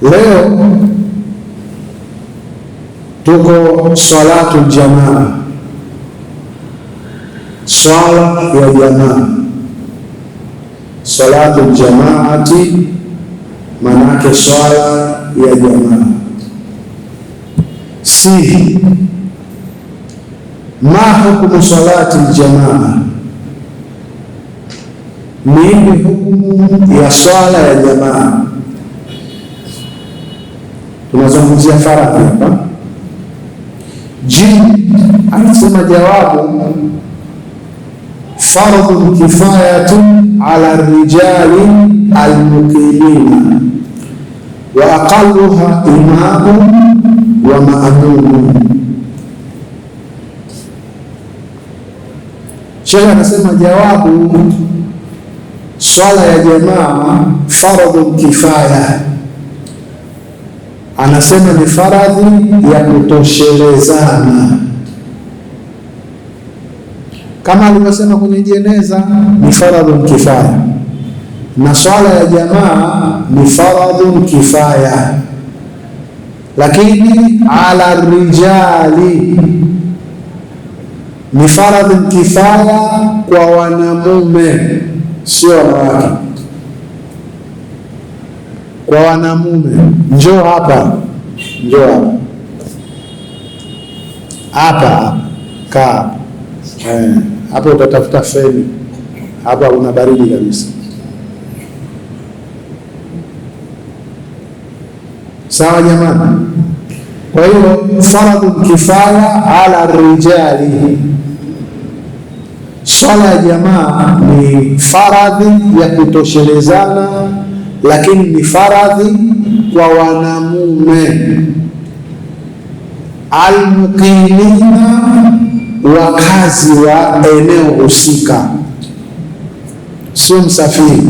Leo tuko swalatul jamaa, swala ya jamaa, swalatul jamaati, manake swala ya jamaa. Si ma hukumu swalati ljamaa, ni hukumu ya swala ya jamaa? tunazungumzia faradhi hapa. J anasema jawabu, fardhu kifayatu ala rijali almuqimina wa aqalluha imamu wa maamumu. Sheikh anasema jawabu, swala ya jamaa fardhu kifaya anasema ni faradhi ya kutoshelezana, kama alivyosema kwenye jeneza ni faradhun kifaya, na swala ya jamaa ni faradhun kifaya, lakini ala rijali ni faradhun kifaya kwa wanamume, sio wanawake kwa wanamume, njoo hapa, njoo hapa hapa, kaa eh, hapa, utatafuta feni hapa, una baridi kabisa. Sawa jamani. Kwa hiyo faradhu kifaya ala rijali, swala ya jamaa ni faradhi ya kutoshelezana lakini ni faradhi kwa wanamume almuqimina, wakazi wa eneo husika, sio msafiri.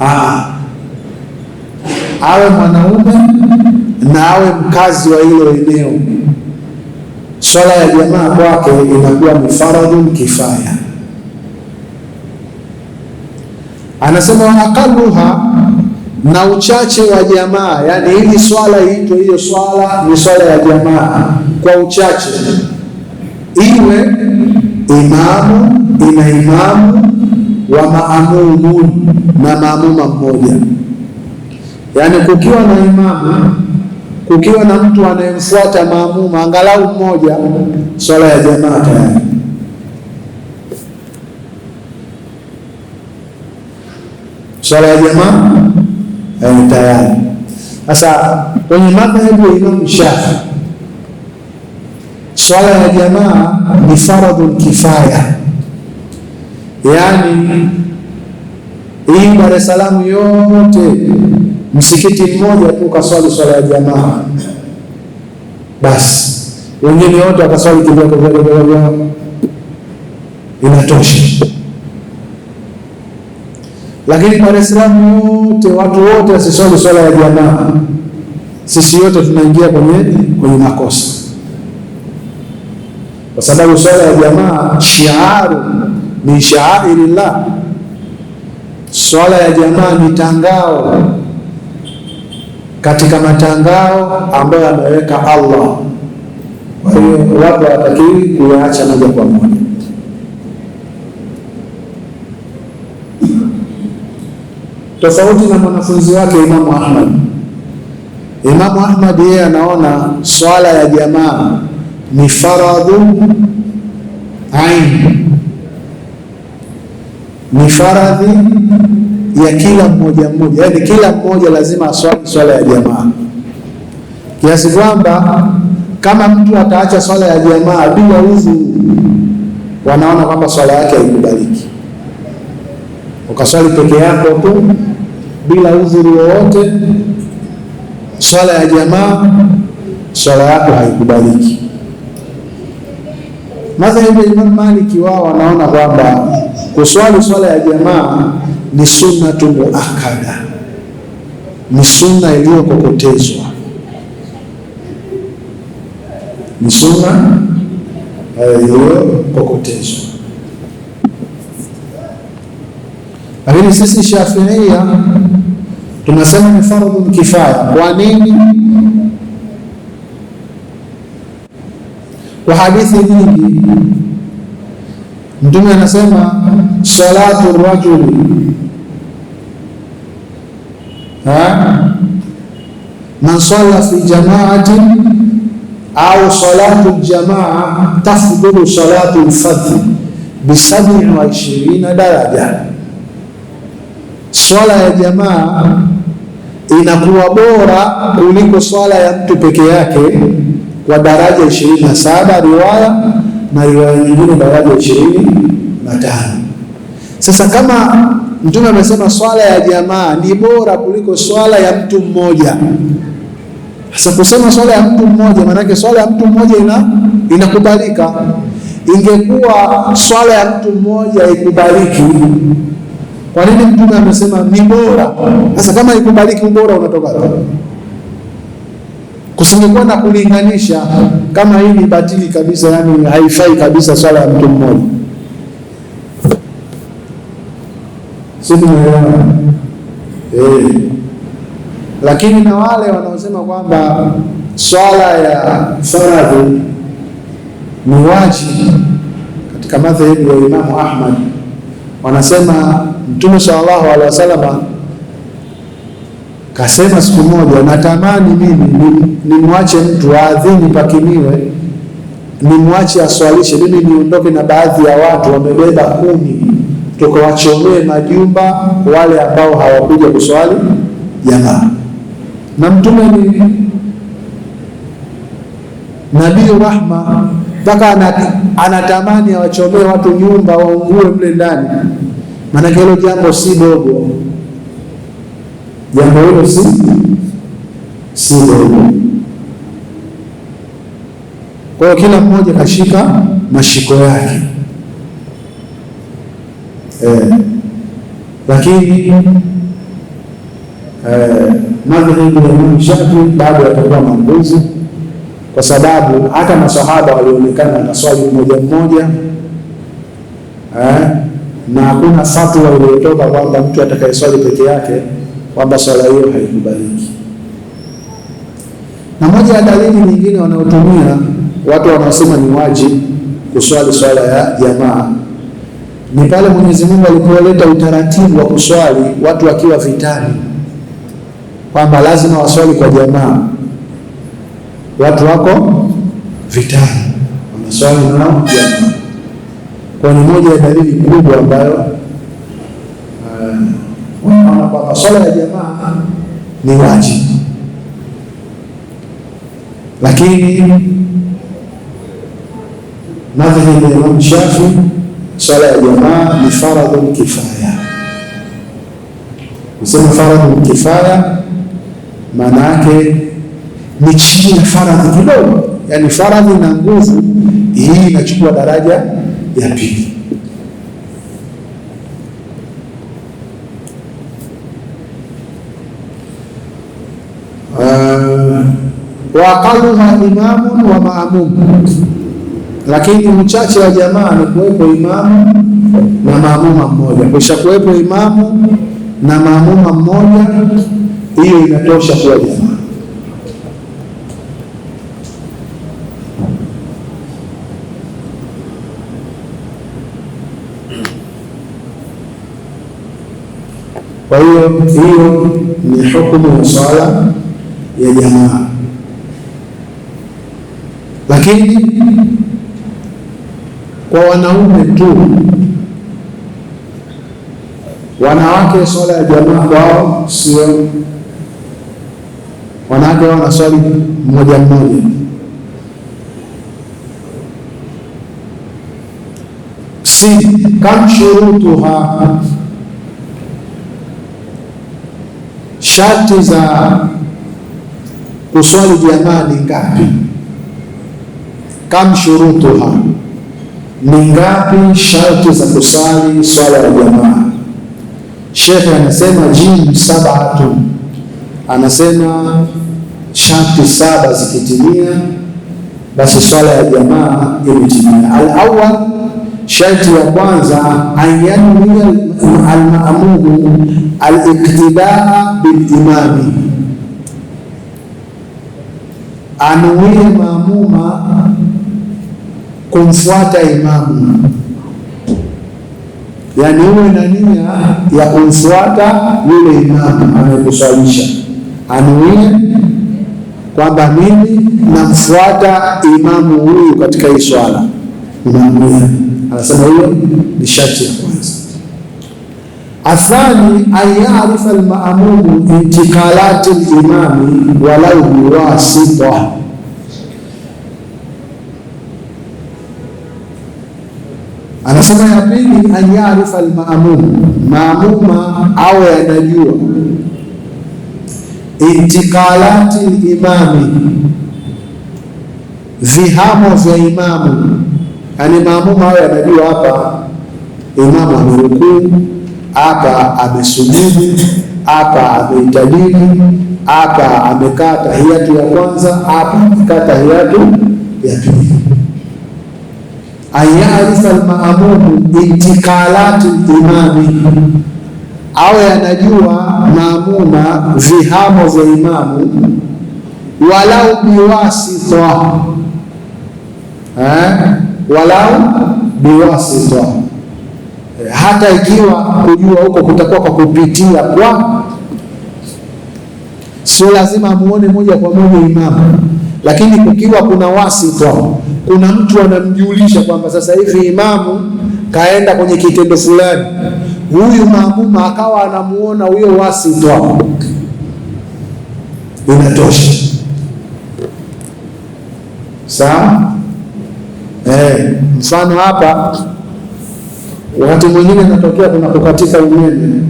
Ah. Awe mwanaume na awe mkazi wa hilo eneo, swala ya jamaa kwake inakuwa ni faradhi kifaya. Anasema waakaluha, na uchache wa jamaa, yaani hili swala iitwe hiyo swala ni swala ya jamaa kwa uchache, iwe imamu ina imamu wa maamumu na maamuma mmoja, yaani kukiwa na imamu kukiwa na mtu anayemfuata maamuma angalau mmoja, swala ya jamaa tayari Swala ya jamaa tayari. Sasa kwenye madhhabu ya Imam Shafi, swala ya jamaa ni faradhul kifaya, yaani hii Dar es Salaam yote msikiti mmoja tu kaswali swala ya jamaa basi, wengine wote wakaswali kivyao, inatosha. Lakini kwa Waislamu wote, watu wote wasiswali swala ya jamaa, sisi wote tunaingia kwenye kwenye makosa, kwa sababu swala ya jamaa shiaru ni shaairillah, swala ya jamaa ni tangao katika matangao ambayo ameweka Allah. Kwa hiyo watu hawatakiwi kuyaacha moja kwa moja. tofauti na mwanafunzi wake Imamu Ahmad. Imamu Ahmad yeye anaona swala ya jamaa ni faradhu ain, ni faradhi ya kila mmoja mmoja, yaani kila mmoja lazima aswali swala ya jamaa, kiasi kwamba kama mtu ataacha swala ya jamaa bila udhu, wanaona kwamba swala yake haikubaliki. Ukaswali peke yako tu bila udhuru wowote, swala ya jamaa, swala yako haikubaliki. Madhhabu ya Imam Malik wao wanaona kwamba kuswali swala ya jamaa ni sunnatu muakkada, ni sunna iliyokokotezwa, ni sunna eh, iliyokokotezwa. Lakini sisi Shafiia tunasema ni fardhu kifaya. Kwa nini? Kwa hadithi nyingi Mtume anasema salatu rajuli man salla fi jamaatin au salatu ljamaa tafdulu salatu lfadhi bisabi wa ishirina daraja, swala ya jamaa inakuwa bora kuliko swala ya mtu peke yake kwa daraja ishirini na saba riwaya na riwaya nyingine daraja ishirini na tano. Sasa kama Mtume amesema swala ya jamaa ni bora kuliko swala ya mtu mmoja, sasa kusema swala ya mtu mmoja maanake swala ya mtu mmoja ina inakubalika. Ingekuwa swala ya mtu mmoja ikubaliki kwa nini Mtume amesema ni bora? Sasa kama ikubariki ubora unatoka wapi? Kusingekuwa na kulinganisha, kama hii ni batili kabisa, yani haifai kabisa swala ya mtu mmoja. Eh, lakini na wale wanaosema kwamba swala ya faradhi ni wajibu katika madhehebu ya Imamu Ahmad wanasema Mtume sallallahu alaihi wasallam kasema siku moja, natamani mimi nimwache mtu aadhini pakiniwe nimwache aswalishe, mimi niondoke na baadhi ya watu wamebeba kuni, tukawachomee majumba wale ambao hawakuja kuswali jamaa. Na Mtume ni nabii rahma mpaka anatamani awachomee watu nyumba waungue mle ndani. Maanake hilo jambo si dogo, jambo hilo si si dogo. Kwa hiyo kila mmoja kashika mashiko yake eh, lakini eh, madhehebu ya Imamu Shafi bado yatakuwa mambuzi kwa sababu hata masahaba walionekana na swali mmoja mmoja eh, na hakuna fatwa iliyotoka kwamba mtu atakayeswali peke yake kwamba swala hiyo haikubaliki. Na moja ya dalili nyingine wanaotumia watu wanaosema ni wajibu kuswali swala ya jamaa ni pale Mwenyezi Mungu alipoleta utaratibu wa kuswali watu wakiwa vitani, kwamba lazima waswali kwa jamaa watu wako vitani kwa maswali nao jana, kwa ni moja ya dalili kubwa ambayo uh, kwamba swala ya jamaa ni wajibu, lakini madhehebu ya Imamu Shafii swala ya jamaa ni faradhu kifaya. Kusema faradhu kifaya maana yake ni chini ya faradhi kidogo, yaani faradhi na nguvu hii inachukua daraja ya pili. Waakaluha imamu wa maamumu, lakini mchache wa jamaa ni kuwepo imamu na maamuma mmoja. Kisha kuwepo imamu na maamuma mmoja, hiyo inatosha kuwa jamaa. Kwa hiyo hiyo ni hukumu ya swala ya jamaa, lakini kwa wanaume tu. Wanawake swala ya jamaa kwao sio, wanawake wao swali mmoja mmoja. si kam shurutuha Sharti za kuswali jamaa ni ngapi? Kam shurutuha, ni ngapi sharti za kuswali swala ya jamaa? Shekhe anasema jim sabatu, anasema sharti saba zikitimia, basi swala ya jamaa imetimia. Al Sharti ya kwanza anyanuia almamumu aliktidaa bilimami, anuie maamuma kumfuata imamu, yani uwe na nia ya kumfuata yule imamu anayekuswalisha, anuie kwamba mimi namfuata imamu huyu katika hii swala, unanuia Anasema hiyo ni sharti ya kwanza. Athani ayaarifa almaamumu intikalati limami walau biwasita, anasema ya pili, anyaarifa almaamumu, maamuma awe anajua intikalati limami, vihamo vya imamu Yaani maamuma hayo yanajua, hapa imamu amerukuu, hapa amesujudu, hapa ameitajili, hapa amekaa tahiyatu ya kwanza, hapa amekaa tahiyatu ya pili. Ayarifa almaamumu intikalati imami, awe anajua maamuma vihamo vya imamu walau biwasita eh? walau biwasita, hata ikiwa kujua huko kutakuwa kwa kupitia kwa, sio lazima amuone moja kwa moja imamu, lakini kukiwa kuna wasita, kuna mtu anamjulisha kwamba sasa hivi imamu kaenda kwenye kitendo fulani, huyu maamuma akawa anamuona huyo wasita, inatosha sawa. Eh, mfano hapa wakati mwingine natokea kuna kukatika umeme,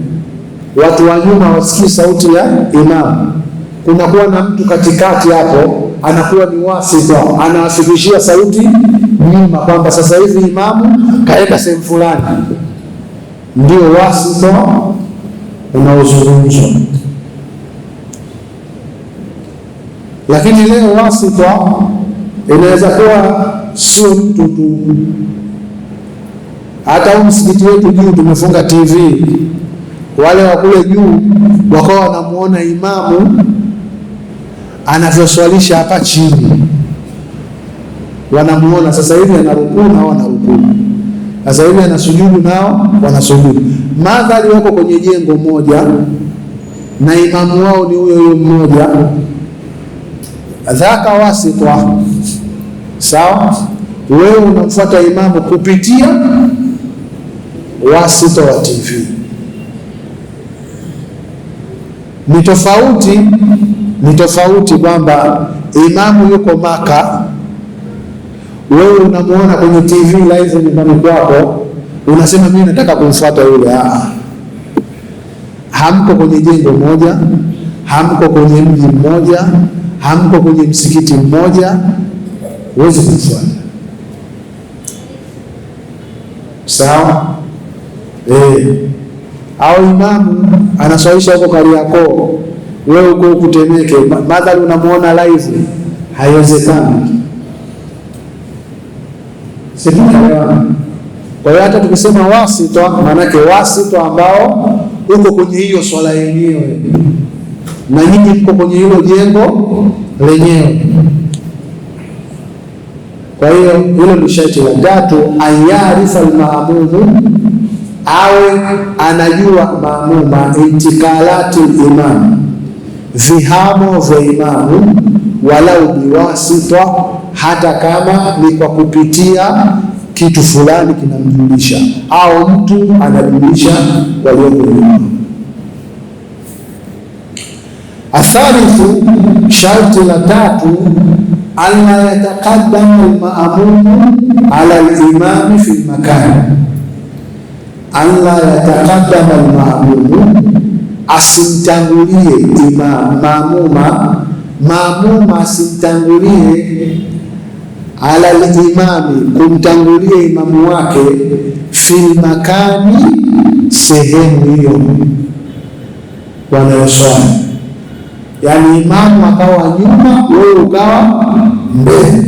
watu wa nyuma wasikii sauti ya imamu, kunakuwa na mtu katikati hapo anakuwa ni wasita, anawafikishia sauti nyuma kwamba sasa hivi imamu kaenda sehemu fulani, ndio wasita unaozungumzwa. Lakini leo wasita inaweza kuwa sio mtu tu. Hata msikiti wetu juu tumefunga TV, wale wa kule juu wakawa wanamuona imamu anavyoswalisha hapa chini, wanamuona sasa hivi anarukuu nao anarukuu, sasa hivi anasujudu nao wanasujudu, madhali wako kwenye jengo moja na imamu wao ni huyo huyo mmoja, dhaka wasitwa Sawa, wewe unamfuata imamu kupitia wasita wa TV. Ni tofauti, ni tofauti kwamba imamu yuko Maka, wewe unamuona kwenye TV live nyumbani kwako, unasema mimi nataka kumfuata yule. Ah, ah, hamko kwenye jengo moja, hamko kwenye mji mmoja, hamko kwenye msikiti mmoja huwezi kumfuata. Sawa eh, au imamu anaswalisha huko Kariakoo, wewe uko ukutemeke, madhali unamuona live, haiwezekani. Kwa hiyo hata tukisema wasita, maanake wasita ambao uko kwenye hiyo swala yenyewe na nyinyi mko kwenye hilo jengo lenyewe. Kwa hiyo hilo ni sharti la tatu, ayarifa almamumu, awe anajua maamuma intikalati limamu, vihamo vya imamu, walau biwasita, hata kama ni kwa kupitia kitu fulani kinamjulisha, au mtu anajulisha walioko nyuma. Athalithu, sharti la tatu alma yataqaddamu almamumu ala alimami fi lmakani, alla yataqaddama almamumu, asimtangulie imam mamuma mamuma asimtangulie ala alimami, kumtangulia imamu wake fi lmakani, sehemu hiyo wanayoswali yaani imamu akawa nyuma, wewe ukawa mbele,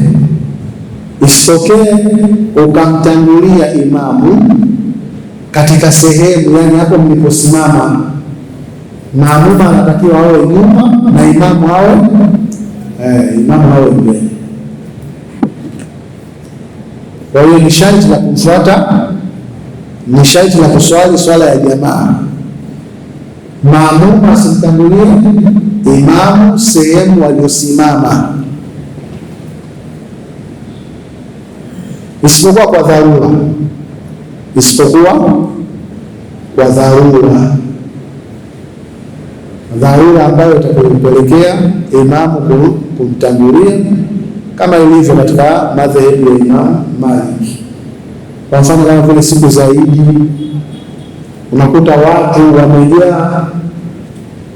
isitokee ukamtangulia imamu katika sehemu, yaani hapo mliposimama, maamuma anatakiwa awe nyuma na imamu awe eh, imamu awe mbele. Kwa hiyo ni sharti la kumfuata, ni sharti la kuswali swala ya jamaa, maamuma asimtangulie imamu sehemu waliosimama, isipokuwa kwa dharura, isipokuwa kwa dharura, dharura ambayo itakayompelekea imamu kumtangulia kama ilivyo katika madhehebu ya Imamu Maliki. Kwa mfano kama vile siku zaidi unakuta watu wamejaa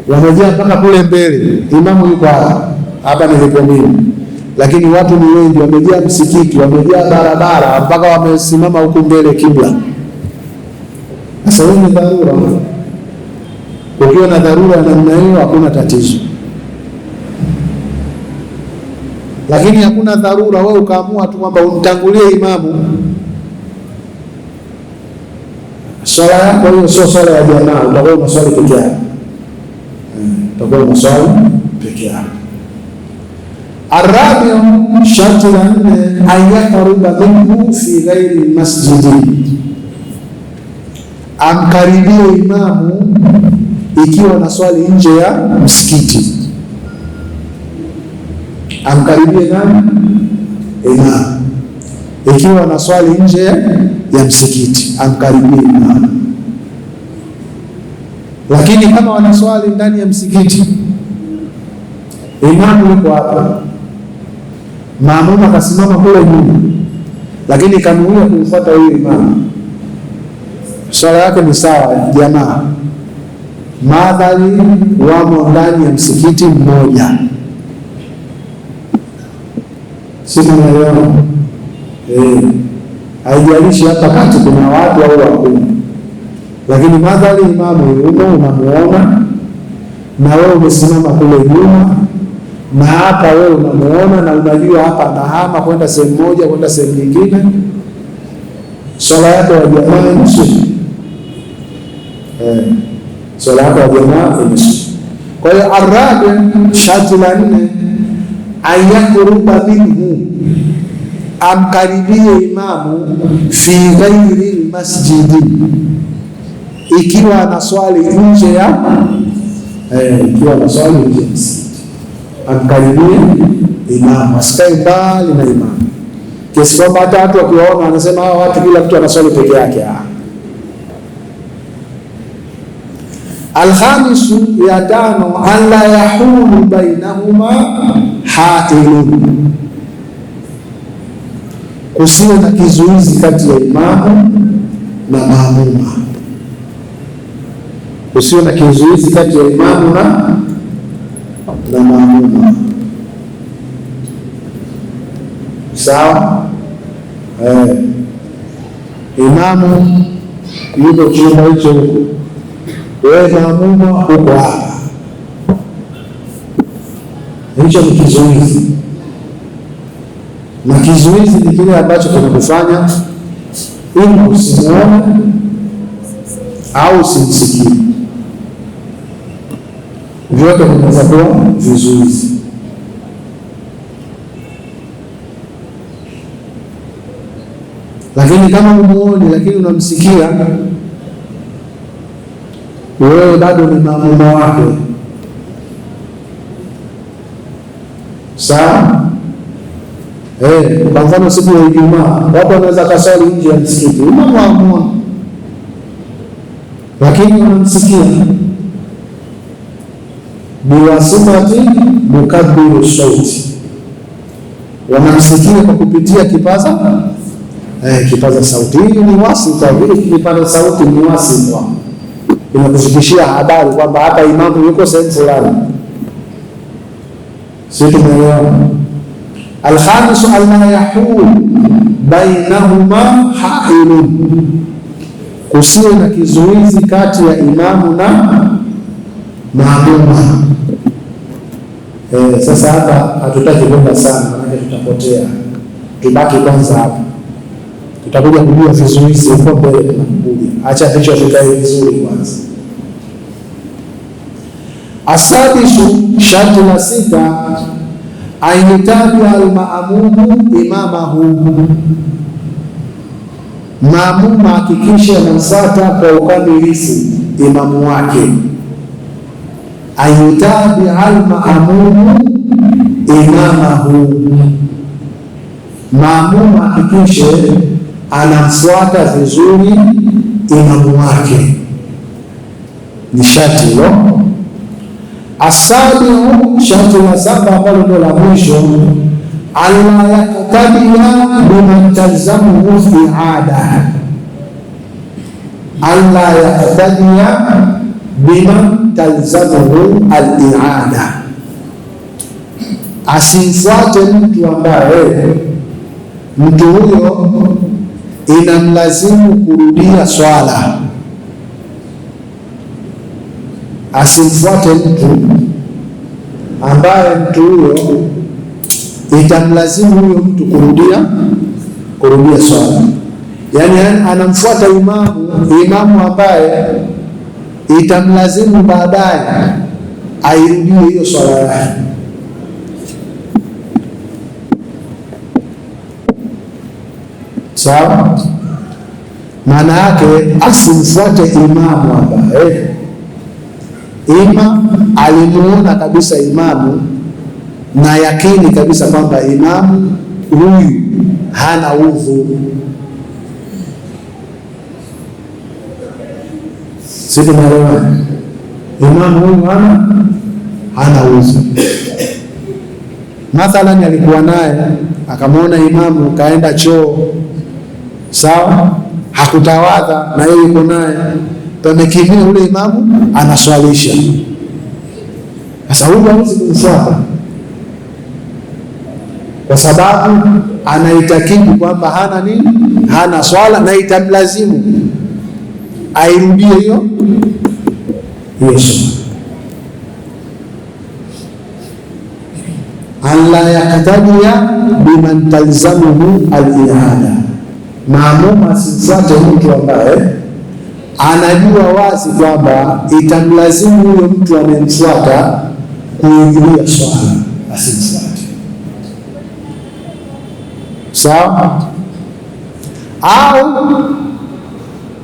wamejaa mpaka kule mbele, imamu yuko hapa hapa, nilipo mimi lakini watu ni wengi, wamejaa msikiti, wamejaa barabara, mpaka wamesimama huku mbele kibla. Sasa hii ni dharura. Ukiwa na dharura ya namna hiyo, hakuna tatizo, lakini hakuna dharura wewe ukaamua tu kwamba umtangulie imamu. Swala yako hiyo sio swala ya jamaa, utakuwa unaswali peke yako utakuwa unaswali peke yako. Arabiu, sharti la nne, ayaqruba minhu fi ghairi masjidi, amkaribie imamu ikiwa na swali nje ya msikiti. Amkaribie nani? Imamu ikiwa na swali nje ya msikiti, amkaribie imamu lakini kama wanaswali ndani ya msikiti, imamu yuko hapa, maamuma akasimama kule nyuma, lakini kanuia kumfuata huyu imamu, swala yake ni sawa. Jamaa madhali wamo ndani ya msikiti mmoja, eh, haijalishi hapa kati kuna watu au hakuna lakini madhali imamu yumo, unamuona na wewe umesimama kule nyuma, na hapa wewe unamuona na unajua hapa anahama kwenda sehemu moja kwenda sehemu nyingine. Swala yako ya jamaa nzuri eh, swala yako ya jamaa nzuri. Kwa hiyo arabe, sharti la nne, ayakuruba minhu, amkaribie imamu fi ghairi masjidi ikiwa na swali nje ya eh, ikiwa na swali nje akakaribia imamu, asikae mbali na imamu, kiasi kwamba hata watu wakiwaona wanasema hawa watu, kila mtu ana peke yake. Ah. Alhamisu ya tano, anla yahulu bainahuma hailun, kusiwe na kizuizi kati ya imamu na maamuma usio na kizuizi kati ya imamu na na maamuma. Sawa, eh, imamu yuko chumba hicho wewe maamuma huko hapa. Hicho ni kizuizi, na kizuizi ni kile ambacho kinakufanya ili usimuone au usimsikie vyote vinaweza vizuizi. Lakini kama umuoni lakini unamsikia wewe, bado ni mamumo wake, sawa? Eh, kwa mfano siku ya Ijumaa watu wanaweza kaswali nje ya msikiti, unamuamua, lakini unamsikia biwasimati mukabiru sauti, wanamsikia kwa kupitia kipaza eh, kipaza sauti. Hii ni kwa vile kipaza sauti ni wasita, inakufikishia habari kwamba hapa imamu yuko sehemu fulani. Si tumeelewa? Alkhamisu alla yahulu bainahuma hailun, kusiwe na kizuizi kati ya imamu na maamuma Eh, sasa hapa hatutaki kwenda sana, maana tutapotea. Tubaki kwanza hapa, tutakuja kujua vizuizi huko mbele tunakuja. Acha vichwa vikae vizuri kwanza. Asadisu, sharti la sita, ainitaja almaamumu imamahu, maamumu ahakikishe mwenzata kwa ukamilifu imamu wake ayutabia almamumu imamahu, maamumu hakikishe anamfuata vizuri imamu wake. Ni ilo hilo asabiu, shati la saba ambalo ndio la mwisho, alla yaktadia bimantalzamuhu fi ada, alla yaktadia bima talzamuhu aliada, asimfuate mtu ambaye mtu huyo inamlazimu kurudia swala. Asimfuate mtu ambaye mtu huyo itamlazimu huyo mtu kurudia kurudia swala, yani anamfuata imamu, imamu ambaye itamlazimu baadaye airudie hiyo swala yake. Sawa, maana yake asimfuate imamu ambaye eh, ima alimuona kabisa imamu na yakini kabisa kwamba imamu huyu hana udhu Sisi tunaelewana, imamu huyu hana hana uzi Mathalani alikuwa naye akamwona imamu kaenda choo, sawa, hakutawadha na yeye yuko naye, pamekimia ule imamu anaswalisha. Sasa huyu hawezi kumfuata kwa sababu anaitakidi kwamba hana nini, hana swala na itamlazimu airudie hiyo Yesu anla yaktadia biman talzamuhu aliada, maamuma asimfuate mtu ambaye anajua wazi kwamba itamlazimu huyo mtu anayemfuata kuingilia swala, asimfuate. Sawa au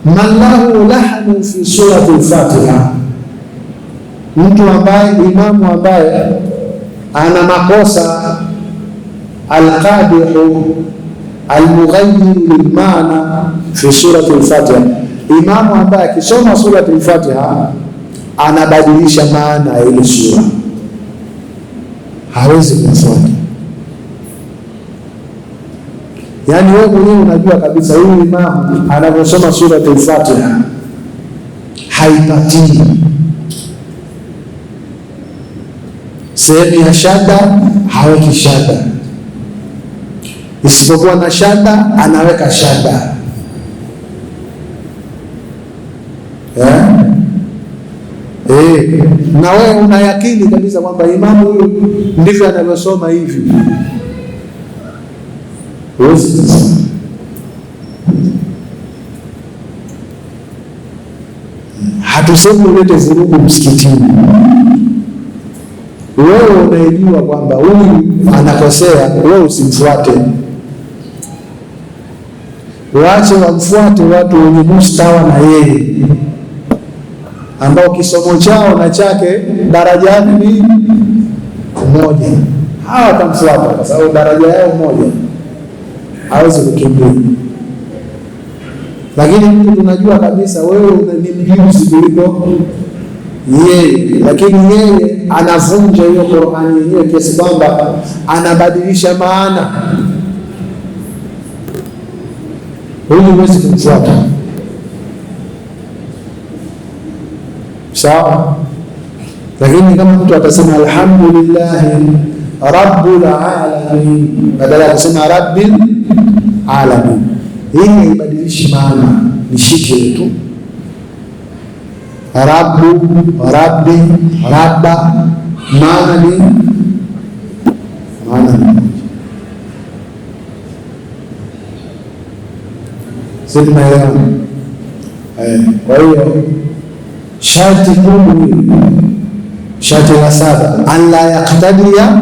man lahu lahnu fi surati fatiha mtu ambaye imamu ambaye ana makosa alqadihu almughayiru lilmana fi surati fatiha imamu ambaye akisoma surati fatiha anabadilisha maana ya ile sura hawezi kufuata Yaani wewe mwenyewe unajua kabisa huyu imamu anavyosoma suratul Fatiha haipatii sehemu ya shada, haweki shada, isipokuwa na shada anaweka shada eh? Eh, na wewe unayakini kabisa kwamba imamu huyu ndivyo anavyosoma hivi huwezi Hatusemi ulete vurugu msikitini. Wewe unaijua kwamba huyu anakosea, wewe usimfuate. Waache wamfuate watu wenye mustawa na yeye, ambao kisomo chao na chake darajani ni moja. Hawa watamfuata kwa sababu daraja yao moja hawezi kukimbia. Lakini mtu tunajua kabisa wewe ni mjuzi kuliko yeye, lakini yeye anavunja hiyo Qur'ani yenyewe kiasi kwamba anabadilisha maana, huyu huwezi kumfuata. Sawa, lakini kama mtu atasema alhamdulillahi rabbil alamin badala ya kusema rabbil alamin. Hii haibadilishi maana, ni nishike tu rabu rabbi rabba, maana ni maana ni simaelewa. Eh, kwa hiyo sharti kubwa Shati la saba, an la yaktadia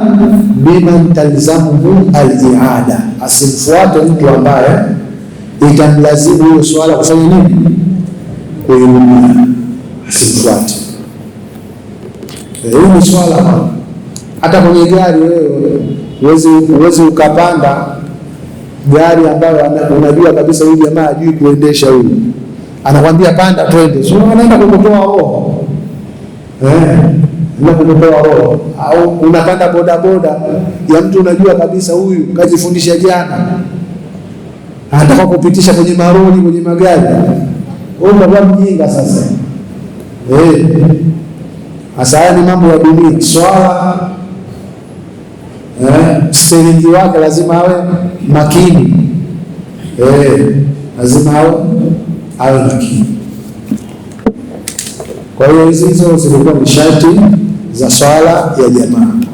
biman talzamuhu iada asimfuate mtu ambaye itamlazimu hiyo swala kufanya nini? Kuirudia, asimfuate. Hii ni swala hata kwenye gari, wewe uwezi ukapanda gari ambayo unajua kabisa huyu jamaa ajui kuendesha, huyu anakwambia panda twende, sio anaenda kukutoa roho eh na kukupewa roho au unapanda bodaboda ya mtu unajua kabisa huyu kajifundisha jana, anataka kupitisha kwenye maroli kwenye magari, unakuwa mjinga sasa. Eh. Sasa haya ni mambo ya dunia. Swala eh, msteringi wake lazima awe makini eh, lazima awe awe makini. Kwa hiyo hizo zilikuwa ni sharti za swala ya jamaa.